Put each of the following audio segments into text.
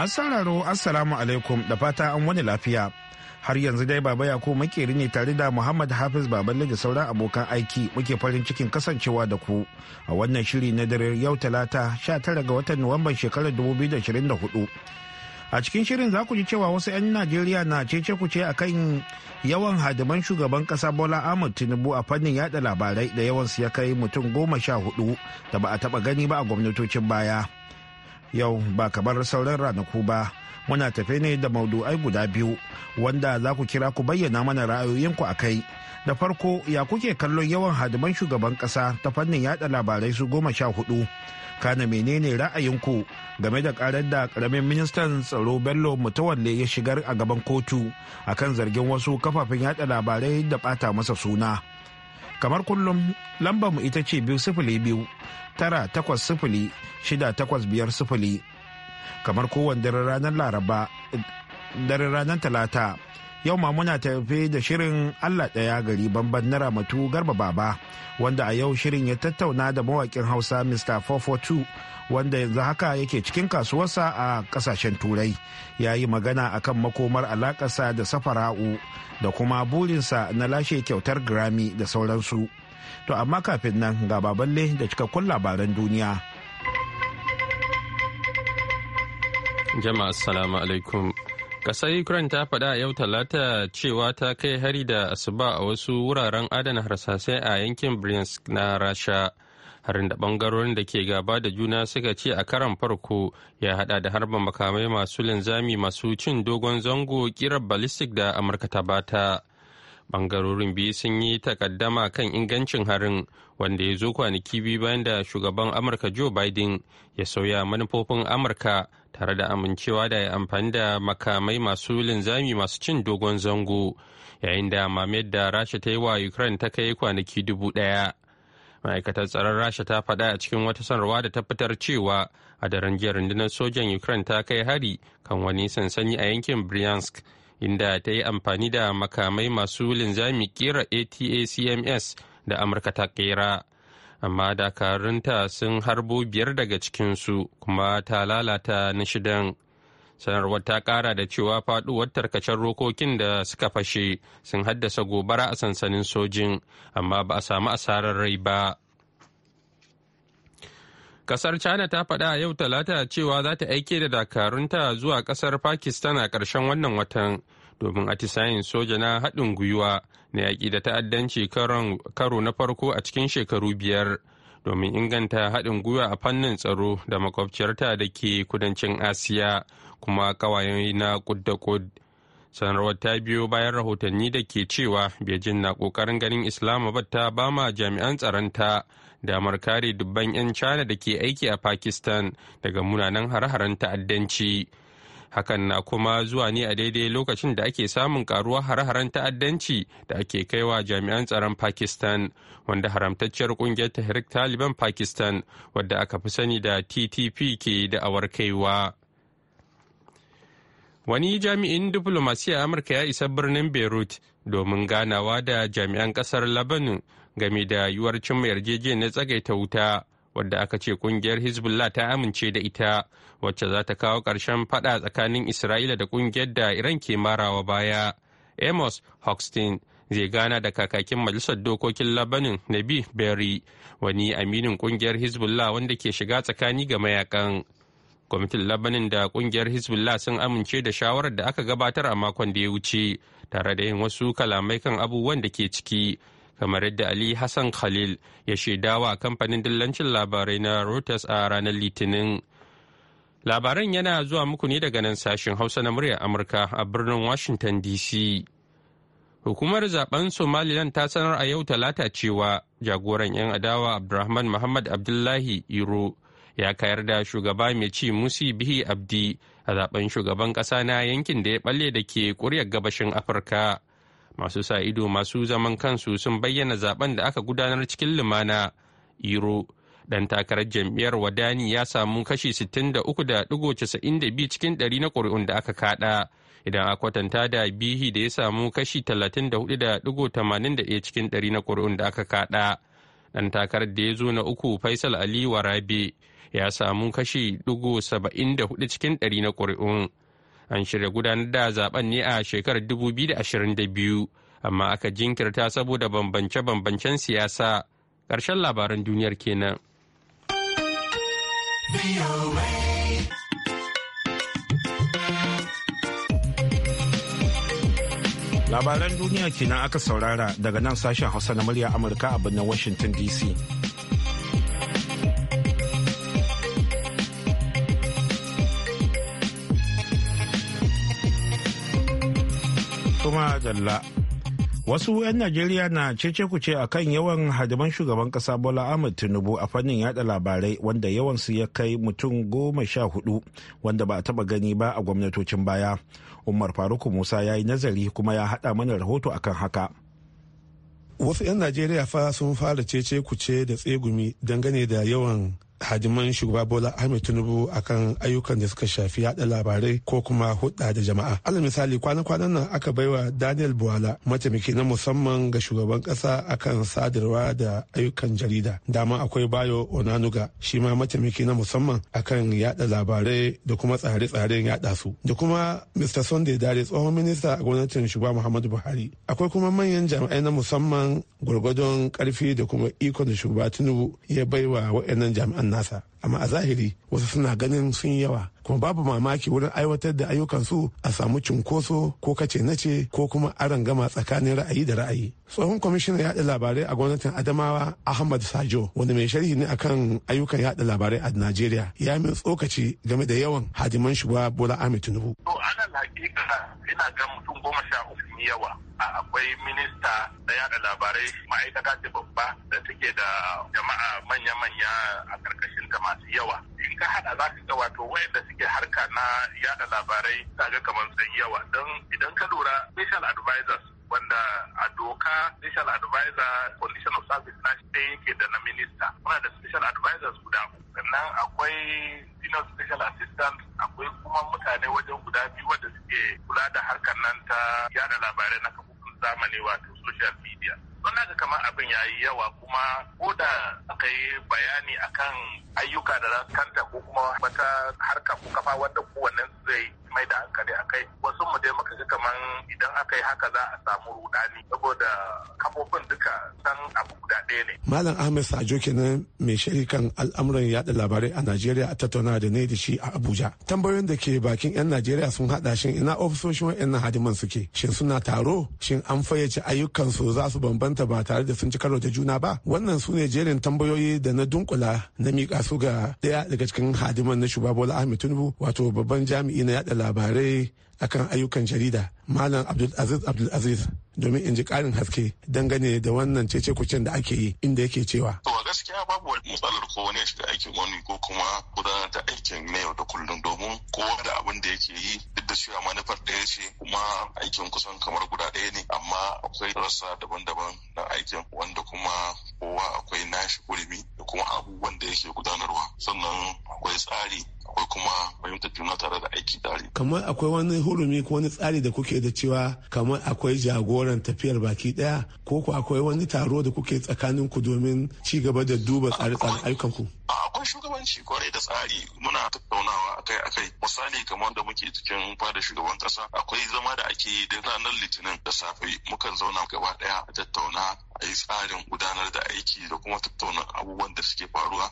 Masu sararo Assalamu alaikum da fata an wani lafiya. Har yanzu dai Baba Yakubu makeri ne tare da Muhammad Hafiz baban da sauran abokan aiki muke farin cikin kasancewa da ku a wannan shiri na dare yau talata 19 ga watan Nuwamban shekarar 2024. A cikin shirin za ku ji cewa wasu 'yan Najeriya na cece ku ce akan yawan hadiman shugaban kasa Bola Ahmed Tinubu a fannin yada labarai da yawansu ya kai mutum goma sha hudu da ba a taba gani ba a gwamnatocin baya. yau ba kamar sauran ranaku ba muna tafe ne da maudu'ai guda biyu wanda za ku kira ku bayyana mana ra'ayoyinku a kai da farko ya kuke kallon yawan hadiman shugaban kasa ta fannin yada labarai su goma sha hudu kana menene ra'ayinku game da karar da karamin ministan tsaro bello mutawalle ya shigar a gaban kotu akan zargin wasu kafafen yada labarai da bata masa suna kamar kullum lambar mu ita ce biyu sifili biyu tara takwas sifili shida takwas biyar sifili kamar kowane daren ranar laraba daren ranar talata yau ma muna tafe da shirin Allah ɗaya gari bamban na Ramatu Garba Baba wanda a yau shirin ya tattauna da mawaƙin Hausa Mr. 442 wanda yanzu haka yake cikin kasuwarsa a kasashen Turai ya yi magana akan makomar alaƙarsa da safara'u da kuma burinsa na lashe kyautar Grammy da sauransu. To amma kafin nan ga baballe da cikakkun labaran duniya. Jama'a assalamu alaikum. Ƙasar Ukraine ta faɗa yau talata cewa ta kai hari da asuba a wasu wuraren adana harsasai a yankin Bryansk na Rasha. Harin da ɓangarorin da ke gaba da juna suka ce a karan farko ya haɗa da harba makamai masu linzami masu cin dogon zango kirar ballistic da Amurka ta bata. Ɓangarorin biyu sun yi takaddama kan ingancin harin wanda ya zo kwanaki biyu bayan da shugaban Amurka Joe Biden ya sauya manufofin Amurka tare da amincewa da ya amfani da makamai masu linzami masu cin dogon zango yayin da mamayar da rasha ta yi wa ukraine ta kai kwanaki dubu daya ma'aikatar tsaron rasha ta faɗa a cikin wata sanarwa da ta fitar cewa a daren jiya rundunar sojan ukraine ta kai hari kan wani sansani a yankin bryansk inda ta yi amfani da makamai masu linzami kera atacms da amurka ta kera amma dakarunta sun harbo biyar daga cikinsu kuma ta lalata na shidan sanarwar ta kara da cewa faduwar tarkacen rokokin da suka fashe sun haddasa gobara a sansanin sojin amma ba a samu asarar rai ba kasar china ta faɗa a yau talata cewa za ta aike da dakarunta zuwa kasar pakistan a ƙarshen wannan watan domin atisayin soja na haɗin gwiwa na yaƙi da ta'addanci karo na farko a cikin shekaru biyar domin inganta haɗin gwiwa a fannin tsaro da makwabciyarta da ke kudancin asiya kuma ƙawaye na kud kud sanarwar ta biyo bayan rahotanni da ke cewa bejin na ƙoƙarin ganin islamabad ta ba ma jami'an tsaronta damar kare dubban 'yan china da ke aiki a pakistan daga munanan hare-haren ta'addanci. hakan na kuma zuwa ne a daidai lokacin da ake samun karuwar hare-haren ta'addanci da ake kaiwa jami'an tsaron pakistan wanda haramtacciyar kungiyar tahrik taliban pakistan wadda aka fi sani da ttp ke da'awar kaiwa wani jami'in diflomasiyya amurka ya isa birnin beirut domin ganawa da jami'an kasar lebanon game da yiwuwar cimma yarjejeniyar tsagaita wuta wadda aka ce kungiyar hezbollah ta amince da ita wacce za ta kawo ƙarshen fada tsakanin isra'ila da kungiyar da iran ke marawa baya amos hoxton zai gana da kakakin majalisar dokokin labanin nabi berry wani aminin kungiyar hezbollah wanda ke shiga tsakani ga mayakan kwamitin labanin da kungiyar hezbollah sun amince da shawarar da aka gabatar a makon da ya wuce tare da yin wasu kalamai kan abubuwan da ke ciki kamar yadda Ali Hassan Khalil ya shaidawa kamfanin dillancin labarai na Reuters a ranar Litinin. Labaran yana zuwa muku ne daga nan sashen Hausa na muryar Amurka a birnin Washington DC. Hukumar zaben Somaliland ta sanar a yau talata cewa jagoran 'yan adawa Abdulrahman Muhammad Abdullahi Iro ya kayar da shugaba mai ci Musi Bihi Abdi a zaben shugaban ƙasa na yankin da ya balle da ke kuryar gabashin Afirka. masu sa ido masu zaman kansu sun bayyana zaben da aka gudanar cikin lumana iro dan takarar jam'iyyar wadani ya samu kashi 63.92 cikin 100 na ƙuri'un da aka kada idan a kwatanta da bihi da ya samu kashi 34.81 cikin 100 na ƙuri'un da aka kada dan takarar da ya zo na uku faisal ali warabe ya samu kashi 74 cikin 100 na ƙuri'un an shirya gudanar da zaben ne a shekarar 2022 amma aka jinkirta saboda bambance-bambancen siyasa ƙarshen labaran duniyar kenan. Labaran duniya kenan aka saurara daga nan sashen Hausa na murya Amurka a birnin Washington DC. Dalla. Wasu 'yan Najeriya na cece kuce a kan yawan hadiman shugaban kasa Bola Ahmed Tinubu a fannin yada labarai wanda yawansu ya kai mutum goma sha hudu wanda ba a taba gani ba a gwamnatocin baya. Umar Faruku Musa ya yi nazari kuma ya hada mana rahoto akan haka. Wasu 'yan Najeriya fa sun fara cece kuce da tsegumi dangane da yawan hadiman shugaba bola ahmed tinubu akan ayyukan da suka shafi yada labarai ko kuma hudda da jama'a alal misali kwanan-kwanan nan aka baiwa daniel buwala mataimaki na musamman ga shugaban kasa akan sadarwa da ayyukan jarida dama akwai bayo onanuga shi ma mataimaki na musamman akan yada labarai da kuma tsare-tsaren yada su da kuma mr sunday dare tsohon minista a gwamnatin shugaba muhammadu buhari akwai kuma manyan jami'ai na musamman gwargwadon karfi da kuma ikon da shugaba tinubu ya baiwa waɗannan jami'an nasa amma a zahiri wasu suna ganin sun yawa kuma babu mamaki wurin aiwatar da ayyukansu a samu cunkoso ko kace nace ko kuma gama tsakanin ra'ayi da ra'ayi tsohon kwamishinan yaɗa labarai a gwamnatin adamawa ahmad sajo wanda mai sharhi ne akan ayyukan yaɗa labarai a najeriya ya min tsokaci game da yawan hadiman shugaba bola ahmed tinubu to ana hakika ina ga mutum goma sha uku yawa akwai minista da yaɗa labarai ma'aikata ce babba da take da jama'a manya-manya a karkashin ta masu yawa in ka hada za ka ga wato wayanda suke ke harka na yada labarai ga kamar sai yawa don idan ka lura special advisors wanda a doka special advisor condition of service na shi yake da na minista muna da special advisors guda sannan akwai senior special assistant akwai kuma mutane wajen guda biyu wanda suke kula da harkar nan ta yada labarai na kafofin zamani wato social media Wannan ga kamar abin ya yi yawa kuma ko da aka yi bayani akan ayyuka da za kanta ko kuma wata harka ko kafa wadda kowannen zai mai da hankali a kai wasu mu dai muka ga kamar idan aka yi haka za a samu rudani saboda kafofin duka san abu guda ɗaya ne. Malam Ahmed Sajo kenan mai kan al'amuran yaɗa labarai a Najeriya a tattauna da ne da shi a Abuja. Tambayoyin da ke bakin 'yan Najeriya sun haɗa shin ina ofisoshin na hadiman suke shin suna taro shin an fayyace ayyukansu za su bambanta ba tare da sun ci karo da juna ba wannan su ne jerin tambayoyi da na dunkula na miƙa su ga ɗaya daga cikin hadiman na shugaba Bola Ahmed Tinubu wato babban jami'i na yada labarai akan ayyukan jarida malam abdul aziz abdul aziz domin in ji karin haske dangane da wannan cece kucin da ake yi inda yake cewa. To gaskiya babu wani matsalar ko wani ya shiga aikin wani ko kuma gudanar da aikin na yau da kullum domin kowa da abin da yake yi duk da cewa manufar ɗaya ce kuma aikin kusan kamar guda ɗaya ne amma akwai rasa daban-daban na aikin wanda kuma kowa akwai nashi gurbi da kuma abubuwan da yake gudanarwa sannan akwai tsari akwai kuma fahimtar juna tare da aiki tare. Kamar akwai wani hurumi ko wani tsari da kuke da cewa kamar akwai jagoran tafiyar baki daya ko ku akwai wani taro da kuke tsakanin ku domin ci gaba da duba tsare-tsaren ayyukan ku akwai shugabanci kwarai da tsari muna tattaunawa akai akai misali kamar da muke cikin fada shugaban kasa akwai zama da ake yi da ranar litinin da safe mukan zauna gaba daya a tattauna a yi tsarin gudanar da aiki da kuma tattauna abubuwan da suke faruwa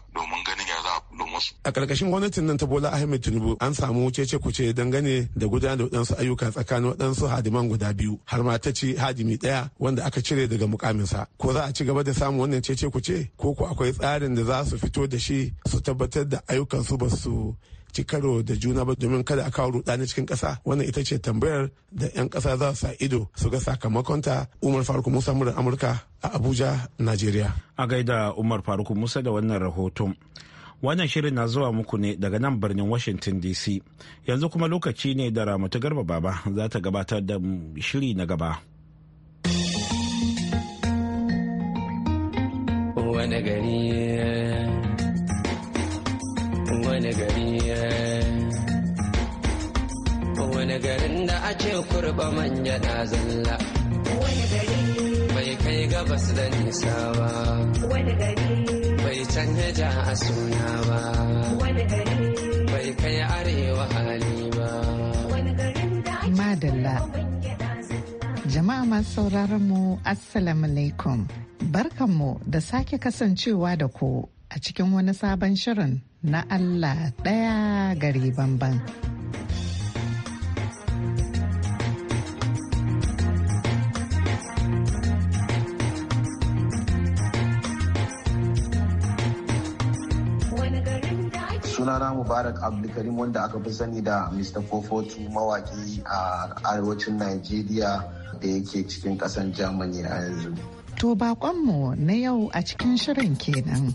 musu. A ƙarƙashin gwamnatin nan ta Bola Ahmed Tinubu an samu cece kuce dangane da gudanar da waɗansu ayyuka tsakanin waɗansu hadiman guda biyu har ma ta ci hadimi ɗaya wanda aka cire daga mukaminsa. Ko za a ci gaba da samun wannan cece kuce ko ku akwai tsarin da za su fito da shi su tabbatar da ayyukansu ba su ci karo da juna ba domin kada a kawo rudani cikin kasa wannan ita ce tambayar da 'yan kasa za su sa ido su ga sakamakonta umar faruk musa murar amurka a abuja nigeria a gaida umar faruk musa da wannan rahoton Wannan shirin na zuwa muku ne daga nan birnin Washington DC. Yanzu kuma lokaci ne da Ramatu Garba Baba za ta gabatar da shiri na gaba. Wani gari wani gari wani garin da kurba manja na zalla. Wani gari bai kai gabas da nisa ba. Wani gari bai canja a suna ba bai kai arewa hali ba madalla jama'a masu sauraron mu assalamu alaikum barkanmu da sake kasancewa da ku a cikin wani sabon shirin na allah ɗaya gari bamban. mubarak abdulkarim wanda aka fi sani da mr fofotu mawaki a arewacin nigeria da yake cikin kasan germany a yanzu to bakonmu na yau a cikin shirin kenan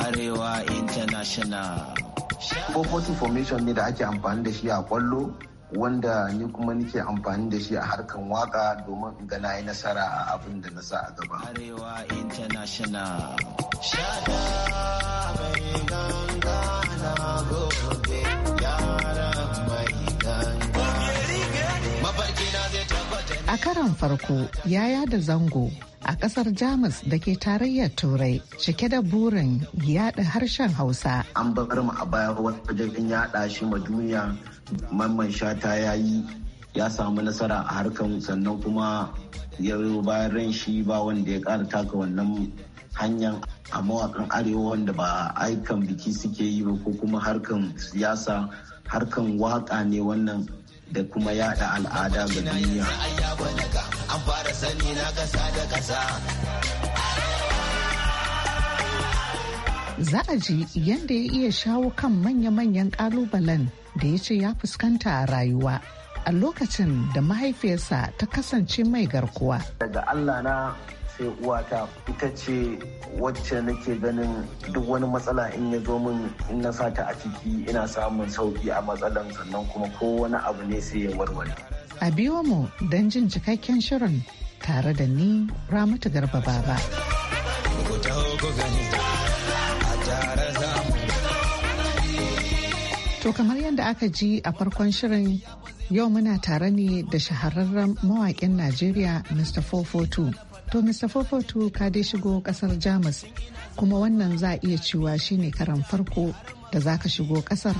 arewa international Fofotu formation ne da ake amfani da shi a kwallo wanda ni kuma nike amfani da shi a harkan waka domin in gana yi nasara a abin da na sa a gaba. Arewa International. Shada mai ganga na A karan farko yaya da zango a kasar Jamus da ke tarayyar Turai cike da burin yada harshen Hausa. An bar mu a baya wajen yada shi ma duniya mamman shata ya yi ya samu nasara a harkan sannan kuma ya bayan ran shi ba wanda ya kara taka wannan hanyar a mawakan arewa wanda ba aikan biki suke yi ba ko kuma harkan siyasa harkan waka ne wannan da kuma yada al'ada ga duniya. An fara sani na da Za a ji yadda ya iya shawo kan manya-manyan ƙalubalen da ya ce ya fuskanta a rayuwa. A lokacin da mahaifiyarsa ta kasance mai garkuwa. Daga Allah na sai uwata ita ce wacce nake ganin duk wani matsala in ya zo min in na sata a ciki ina samun sauki a matsalan sannan kuma ko wani abu ne sai ya warware. A biyo mu don jin cikakken shirin tare da ni Ramatu Garba Baba. To kamar yadda aka ji a farkon shirin yau muna tare ne da shahararren mawaƙin Najeriya Mr. 442 To Mr. Fofotu ka dai shigo kasar Jamus kuma wannan za a iya cewa shine karan farko da za ka shigo kasar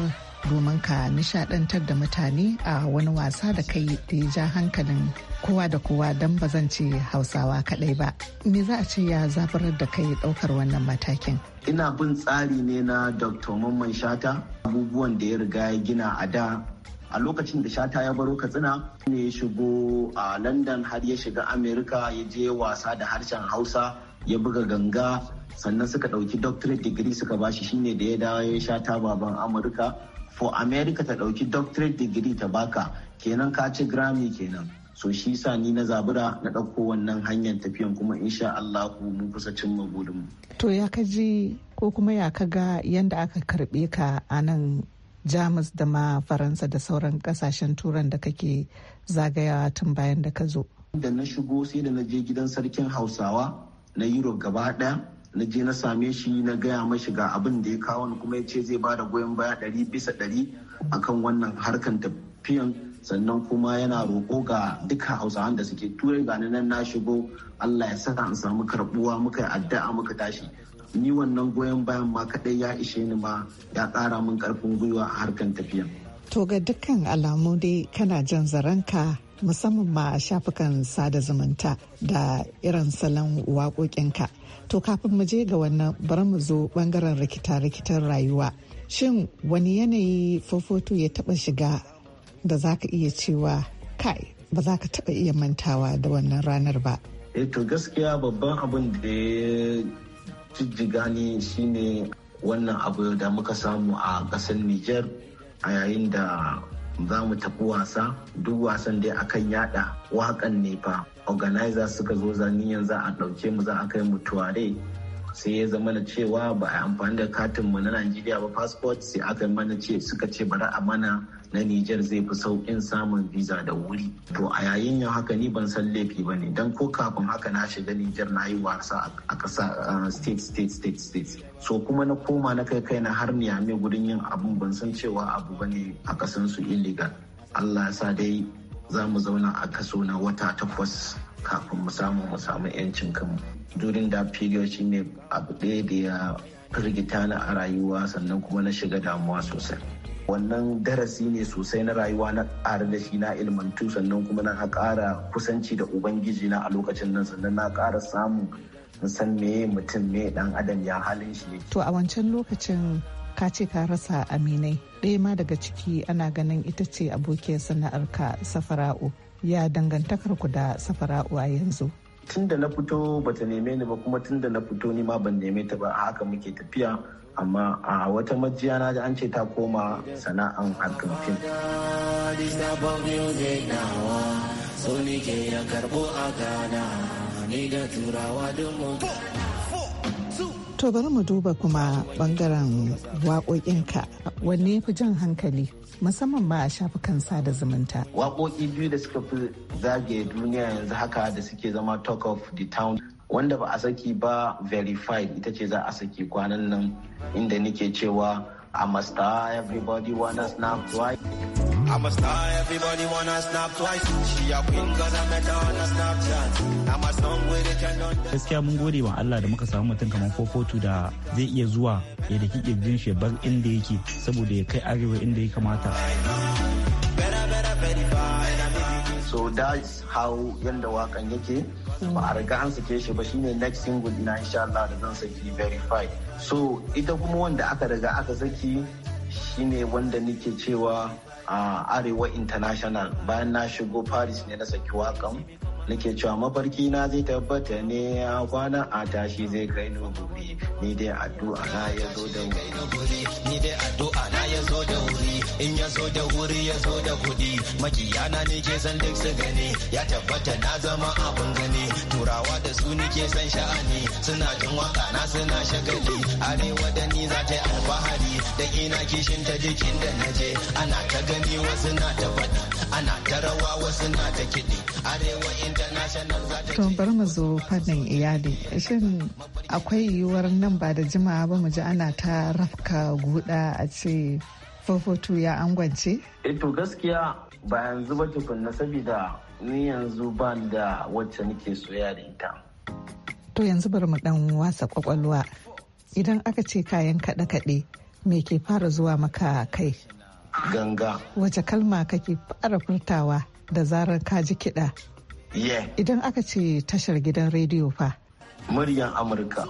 domin ka nishadantar da mutane a wani wasa da kai da ya ja hankalin kowa da kowa don ba zan ce hausawa kadai ba. Me za a ce ya zafarar da kai daukar wannan matakin? Ina bin tsari ne na Dr. Mamman Shata abubuwan da ya riga ya gina a da a lokacin da shata ya baro katsina ne ya shigo a london har ya shiga amerika ya je wasa da harshen hausa ya buga ganga sannan suka ɗauki doctorate degree suka ba shi shine da ya dawo ya shata baban amurka for america ta ɗauki doctorate degree ta baka kenan ka ci grammy kenan so shi sa ni na zabura na ɗauko wannan hanyar tafiyan kuma insha Allahu mun kusa cimma mu. To ya ka ji ko kuma ya ka ga yanda aka karɓe ka a nan jamus da ma faransa da sauran kasashen turan da kake zagayawa tun bayan da ka zo da na shigo sai da na je gidan sarkin hausawa na europe gaba daya na je na same shi na gaya mashi ga abin da ya kawo kuma ya ce zai ba da goyon baya ɗari bisa ɗari akan wannan harkan tafiyan sannan kuma yana roƙo ga duka hausawan da suke turai ga nan na shigo allah ya saka in samu karɓuwa muka yi addu'a muka tashi ni wannan goyon bayan ma kaɗai ya ishe ni ma ya ƙara min ƙarfin gwiwa a harkan tafiya. To ga dukkan alamu dai kana jan zaranka musamman ma a shafukan sada zumunta da irin salon waƙoƙinka. To kafin mu je ga wannan bari mu zo bangaren rikita-rikitar rayuwa. Shin wani yanayi fofoto ya taɓa shiga da za ka iya cewa kai ba za ka taɓa iya mantawa da wannan ranar ba. Eh to gaskiya babban abin da ya jijjiga ne shine wannan abu da muka samu a ƙasar Nijar a yayin da za mu tafi wasa duk wasan dai akan yada wakan ne fa organizer suka zo zaniyan za a ɗauke mu za a kai mu tuware sai ya zama da cewa ba a amfani da katin mu na Najeriya ba passport sai aka yi mana ce suka ce bari a mana na Nijar zai fi saukin samun visa da wuri. To a yayin yau haka ni ban san laifi ba ne don ko kafin haka na shiga Nijar na yi wasa a ƙasa state state state state. So kuma na koma na kai kai na har Niyame gudun yin abun ban san cewa abu ba ne a ƙasan su illegal. Allah ya sa dai za mu zauna a kaso na wata takwas kafin mu samu mu samu 'yancin kanmu. during that period ne abu ɗaya da ya firgita na a rayuwa sannan kuma na shiga damuwa sosai wannan darasi ne sosai na rayuwa na ƙara da shi na ilmantu sannan kuma na ƙara kusanci da ubangiji na a lokacin nan sannan na ƙara samun san me mutum me dan adam ya halin shi to a wancan lokacin ka ce ka rasa aminai ɗaya ma daga ciki ana ganin ita ce abokiyar sana'arka safara'u ya dangantakar ku da safara'u a yanzu tun da na fito bata neme ni ba kuma tun da na fito ni ma ban neme ta ba a haka muke tafiya amma a wata majiya na ji an ce ta koma sana'an harkar fim. ni da turawa don To bari mu duba kuma bangaren waƙoƙinka wanne fi jan hankali musamman ba a shafukan sada zumunta. Waƙoƙi biyu da suka fi zage duniya yanzu haka da suke zama talk of the town wanda ba a saki ba verified ita ce za a saki kwanan nan inda nake cewa a must everybody wanna snap right. I'm a mm. star, everybody wanna snap twice. She a queen cause I met her on a Snapchat. I'm a song with it and on Gaskiya mun gode wa Allah da muka samu mutum kamar 442 da zai iya zuwa ya da kike jin shi bar inda yake saboda ya kai arewa inda ya kamata. So that's how yanda wakan yake. ba a riga an sake shi ba shine next single ina insha Allah da zan saki verify so ita kuma wanda aka riga aka saki shine wanda nake cewa a arewa international bayan na shigo paris ne na saki wakan nake cewa mafarki na zai tabbata ne a kwana a tashi zai kai ni gobe ni dai addu'a na ya zo da wuri ni dai addu'a na ya zo da wuri in ya zo da wuri ya zo da kudi makiyana ne ke san duk su gani ya tabbata na zama abun gani turawa da su ni ke san sha'ani suna jin waka na suna shagali arewa da ni za ta alfahari da ina kishin ta jikin da naje ana ta gani wasu na tabbata ana tarawa wasu na ta kiɗi arewa international za ta to bari mu zo fannin iyali shin akwai yiwuwar nan ba da jimawa ba mu ji ana ta rafka guda a ce fofotu ya angwance? E to gaskiya ba yanzu ba tukunna saboda ni yanzu ba da wacce nake soya da ita. To yanzu bari mu dan wasa kwakwalwa idan aka ce kayan kaɗe-kaɗe me ke fara zuwa maka kai? ganga wace kalma kake fara furtawa da zarar ka ji kiɗa idan aka ce tashar gidan rediyo fa muryan amurka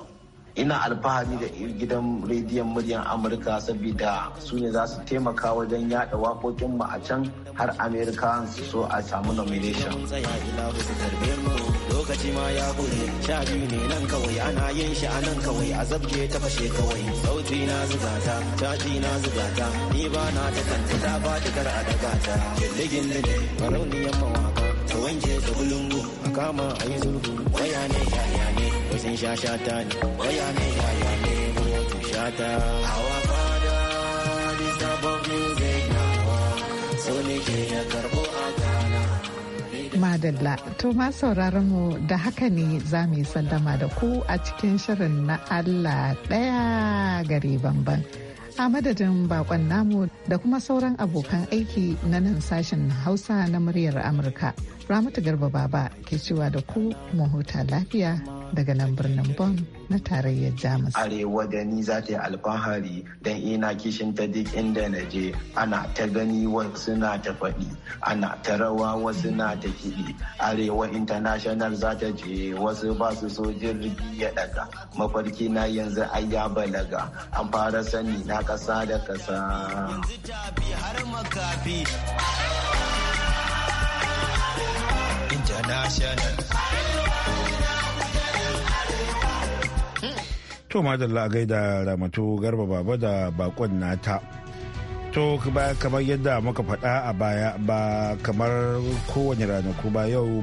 ina alfahari da gidan rediyon muryar amurka saboda su ne za su taimaka wajen yada waƙoƙinmu a can har amerika su so a samu nomination lokaci ma ya kure sha biyu ne nan kawai ana yin shi a nan kawai a zabje ta fashe kawai sauti na zugata caji na zugata ni ba na ta kanta ta ba ta a daga ta gilligin ne marauniyan mawaka ta wanke ta bulungu a kama a yi zulgu waya ne yaya ne sun sha shata ne waya ne ne shata hawa fada this music so ke ya karbo a Madalla, to ma sauraron mu da haka ne za mu yi sallama da ku a cikin shirin na Allah ɗaya gari banban. A madadin bakon namu da kuma sauran abokan aiki na nan sashen Hausa na muryar Amurka. Ramatu Garba Baba ke cewa da ku mu huta lafiya daga nan birnin Bon na tarayyar Jamus. Arewa da ni za ta yi alfahari don ina kishin ta duk inda na je ana ta gani wasu na ta faɗi ana ta rawa wasu na ta kiɗi Arewa International za ta je wasu ba su so jirgi ya daga mafarki na yanzu ai ya balaga an fara sani na ƙasa da ƙasa. international to madalla gaida ramatu garba baba da bakon nata to kamar yadda muka faɗa a baya ba kamar kowane ranaku ba yau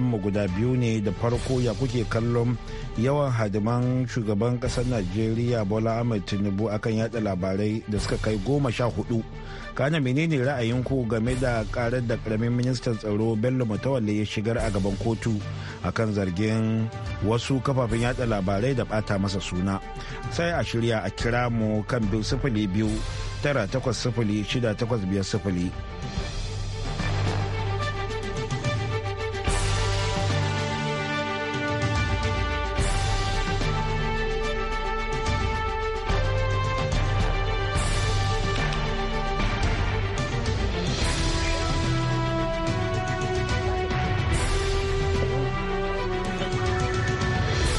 mu guda biyu ne da farko ya kuke kallon yawan hadiman shugaban ƙasar najeriya bola ahmed tinubu akan yada labarai da suka kai goma sha hudu kana menene ra'ayinku game da karar da karamin ministan tsaro bello mutawalle ya shigar a gaban kotu akan zargin wasu kafafen yada labarai da bata masa suna sai a shirya a kira mu kan biyu sifili biyu tara takwas sifili shida takwas biyar sifili.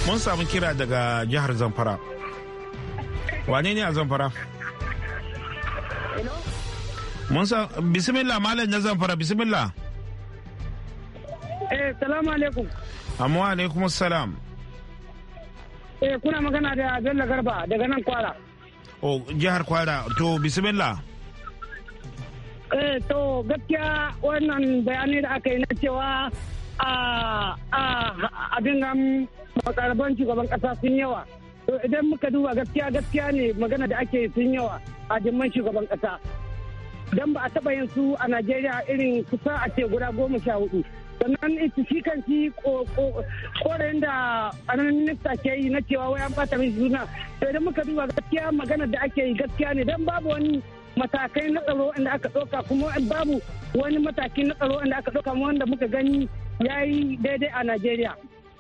mun samu kira daga jihar zamfara wane ne a zamfara mun san bismillah malam na zamfara bismillah eh salamu alaikum amma alaikum salam eh kuna magana da bello garba daga nan kwara oh jihar kwara to bismillah eh to gaskiya wannan bayanai da aka yi na cewa a dingan makarban shugaban kasa sun yawa to idan muka duba gaskiya gaskiya ne magana da ake sun yawa a jimman shugaban kasa don ba a taba yin su a najeriya irin kusa a ce guda goma sha hudu sannan ita shi kan shi korayin da ƙananan minista ke yi na cewa wai an bata mai suna to idan muka duba gaskiya magana da ake yi gaskiya ne don babu wani matakai na tsaro inda aka ɗauka kuma babu wani mataki na tsaro inda aka ɗauka wanda muka gani ya yi daidai a najeriya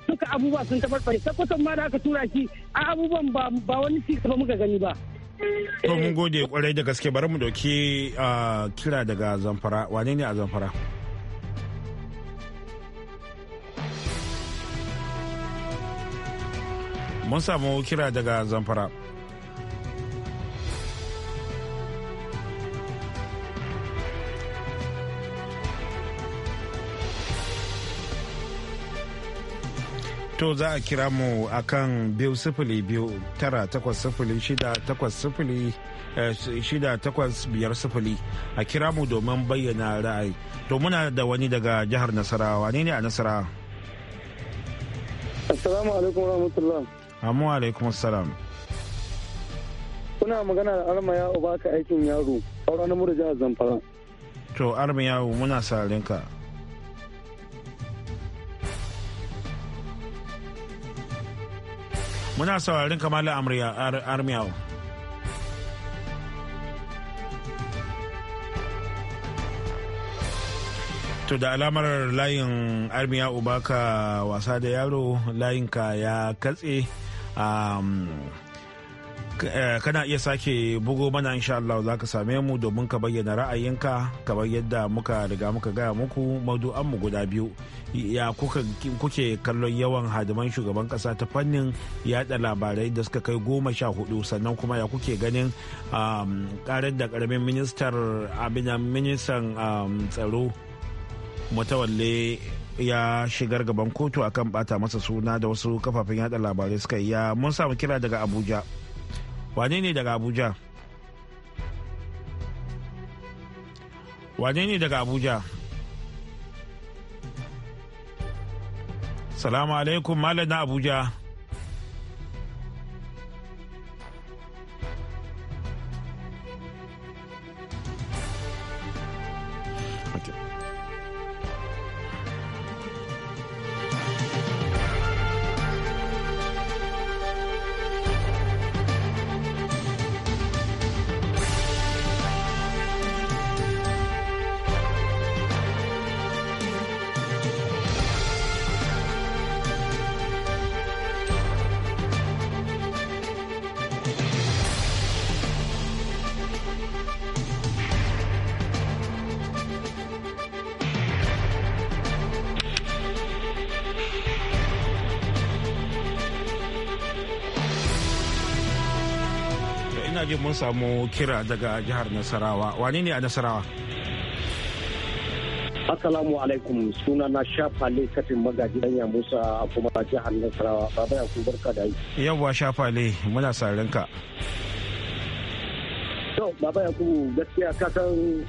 duka abubuwa sun tabarbare sakwatan ma da aka tura shi a abubuwan ba wani cikin ba muka gani ba To mun gode kwarai da gaske bari mu dauki kira daga zamfara wane ne a zamfara? Mun samu kira daga zamfara. to za a kira mu kan biyu sifili biyu tara takwas sifili shida takwas sifili eh, shida takwas biyar sifili a kira mu domin bayyana ra'ayi to muna da wani daga jihar nasarawa ne ne a nasarawa assalamu alaikum rahmatullah amma alaikum assalam kuna magana da arma yawo ka aikin yaro auren mu da zamfara to arma muna sa rinka. muna saurarin kamala armiyawa to da alamar layin armiya uba ka wasa da yaro layinka ya katse um, Eh, kana iya sake bugo mana insha Allah za ka same mu domin ka bayyana ra'ayinka kamar yadda muka riga muka gaya muku mu guda biyu ya kuke kallon yawan hadiman shugaban kasa ta fannin yada labarai da suka kai goma sha hudu sannan kuma ya kuke ganin karar um, da karamin ministar abinan ministan um, tsaro mutawalle ya shigar gaban kotu akan bata masa suna da wasu kafafen yada labarai suka yi ya mun samu kira daga abuja wane ne daga abuja wane ne daga abuja salamu alaikum malam na abuja ina jin mun samu kira daga jihar Nasarawa. wani ne a Nasarawa? Assalamu alaikum suna na shafa le katin magaji ya Musa a kuma jihar Nasarawa. Baba ya kubar ka da yi. Yawwa shafa le muna sarin ka. To baba ya ku gaskiya ka san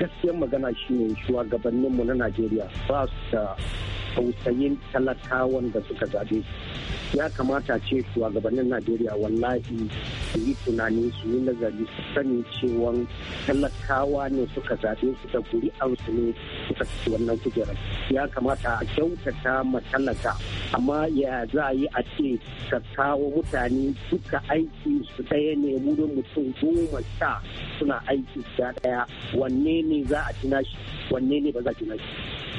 gaskiyar magana shine shugabanninmu na Najeriya ba su da tausayin talakawan da suka zaɓe ya kamata ce shugabannin najeriya wallahi su yi tunani su yi nazari su sani cewa talakawa ne suka zaɓe su da kuri'ansu ne suka ci wannan kujerar ya kamata a kyautata ma talaka amma ya za a yi a ce ka kawo mutane suka aiki su ɗaya ne wurin mutum goma sha suna aiki guda ɗaya wanne ne za a tuna shi wanne ne ba za a tuna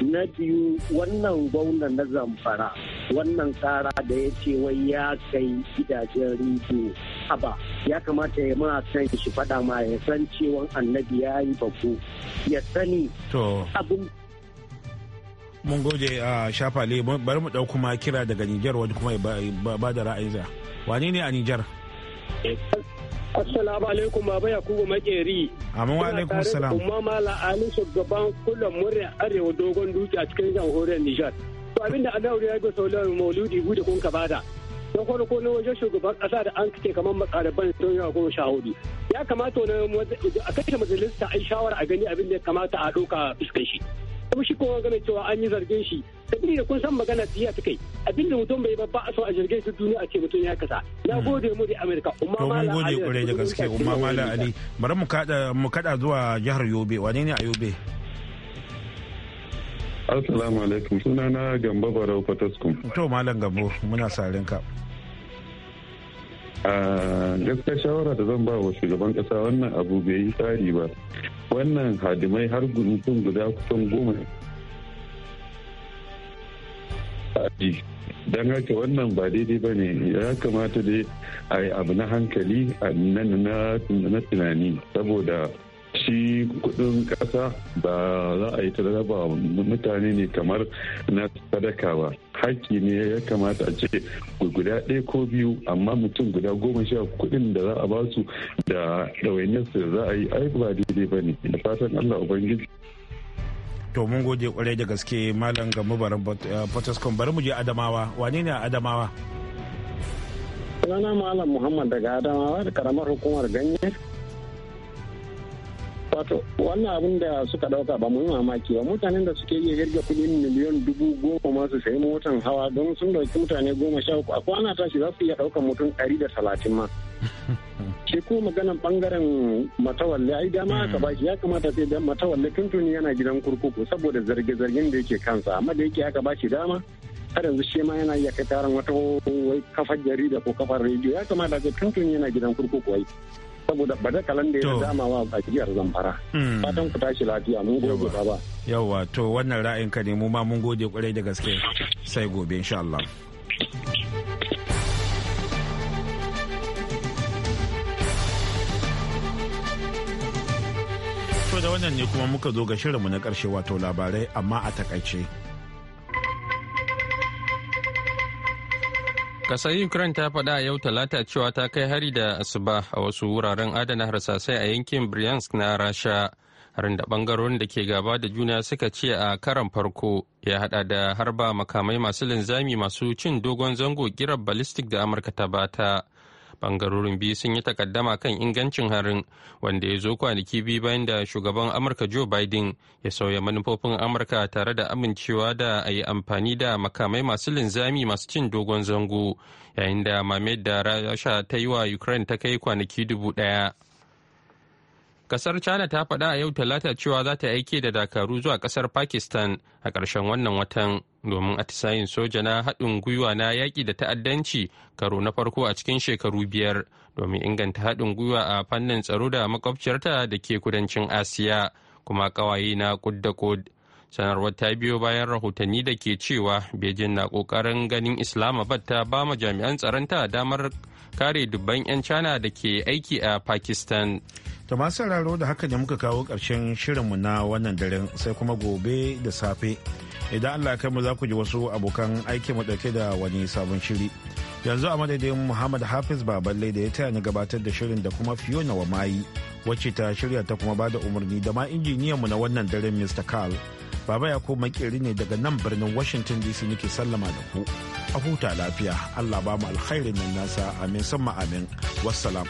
na biyu wannan gwamna na zamfara wannan tsara da ya ce wai ya kai gidajen rediyo haba ya kamata ya ma san shi faɗa ma ya san cewan annabi ya yi bako ya sani abin mun gode a shafale bari mu dauku kira daga nijar wani kuma ba da za wani ne a nijar eh, Assalamu alaikum Baba Yakubu Makeri. Amin wa alaikum salam. Kuma Mala Ali shugaban kullum murya Arewa dogon duki a cikin jamhuriyar Nijar. To da Allah ya ga sauran Mauludi gudu kun ka bada. Na farko na wajen shugaban kasa da an kace kamar makaraban don yawa goma sha hudu. Ya kamata wani a da majalisa a yi shawara a gani abin da ya kamata a doka fuskar shi. kuma shi kowa gane cewa an yi zargin shi sabili da kun san magana tiya ta kai abin da mutum bai babba a so a jirgin su duniya a ce mutum ya kasa na hmm. gode mu da amerika umma mala mun gode kure da gaske umma mala ali bari mu kada mu kada zuwa jihar yobe wane ne a yobe assalamu alaikum sunana gambo barau fataskum to malam gambo muna sarin ka a gaskiya shawara da zan ba wa shugaban kasa wannan abu bai yi tsari ba wannan hadimai har mutum guda kusan goma don haka wannan ba daidai ba ne ya kamata dai a yi abu na hankali na tunani saboda shi kudin kasa ba za a yi ta raba mutane ne kamar na sadaka ba haƙƙi ne ya kamata a ce guda ɗaya ko biyu amma mutum guda goma sha kudin da za a ba su da ɗawainiyar da za a yi ai ba daidai ba ne da fatan allah ubangiji to mun gode kwarai da gaske malam gamu barin eh, potoscom bari mu je adamawa wane ne adamawa sunana malam muhammad daga adamawa da karamar hukumar ganye wato wannan abin da suka dauka ba mu mamaki ba mutanen da suke iya yarge kudin miliyan dubu goma masu su sayi motan hawa don sun dauki mutane goma sha uku a kwana tashi za su iya daukan mutum ɗari da talatin ma ke ko maganan bangaren matawalle ai dama aka shi ya kamata sai da matawalle tuntuni yana gidan kurkuku saboda zarge-zargen da yake kansa amma da yake aka bashi dama har yanzu shi ma yana iya kai taron wata kafar jarida ko kafar rediyo ya kamata sai tuntuni yana gidan kurkuku ai saboda ba da kalan da ya dama wa a jiyar zamfara hmm. fatan ku tashi lafiya mun gode ba yawa to wannan ra'ayin ka ne mu ma mun gode kwarai da gaske sai gobe insha Allah to da wannan ne kuma muka zo ga shirinmu na karshe wato labarai amma a takaice Kasar Ukraine ta faɗa yau talata cewa ta kai hari da asuba a wasu wuraren adana harsasai a yankin Bryansk na Rasha. Harin da bangarorin da ke gaba da juna suka ce a karan farko ya haɗa da harba makamai masu linzami masu cin dogon zango kirar ballistic da Amurka ta bata bangarorin biyu sun yi takaddama kan ingancin harin wanda ya zo kwanaki biyu bayan da shugaban amurka joe biden ya sauya manufofin amurka tare da amincewa da a yi amfani da makamai masu linzami masu cin dogon zango yayin da mamayar da rasha ta yi wa ukraine ta kai kwanaki dubu daya Kasar China ta faɗa a yau talata cewa za ta aike da dakaru zuwa kasar Pakistan a ƙarshen wannan watan domin atisayin soja na haɗin gwiwa na yaƙi da ta'addanci karo na farko a cikin shekaru biyar domin inganta haɗin gwiwa a fannin tsaro da makwabciyarta da ke kudancin Asiya kuma ƙawaye na kud sanarwar ta biyo bayan rahotanni da ke cewa beijing na kokarin ganin islamabad ta ba ma jami'an tsaronta damar kare dubban 'yan china da ke aiki a pakistan To masu sauraro da haka ne muka kawo ƙarshen shirinmu na wannan daren sai kuma gobe da safe. Idan Allah kai mu za ku ji wasu abokan aiki mu ɗauke da wani sabon shiri. Yanzu a madadin Muhammad Hafiz Baballe da ya taya ni gabatar da shirin da kuma Fiona mayi wacce ta shirya ta kuma ba da umarni da ma injiniyan mu na wannan daren Mr. Carl. Baba ya koma makeri ne daga nan birnin Washington DC nake sallama da ku. A huta lafiya. Allah ba mu alkhairin nan nasa. Amin sama amin. Wassalam.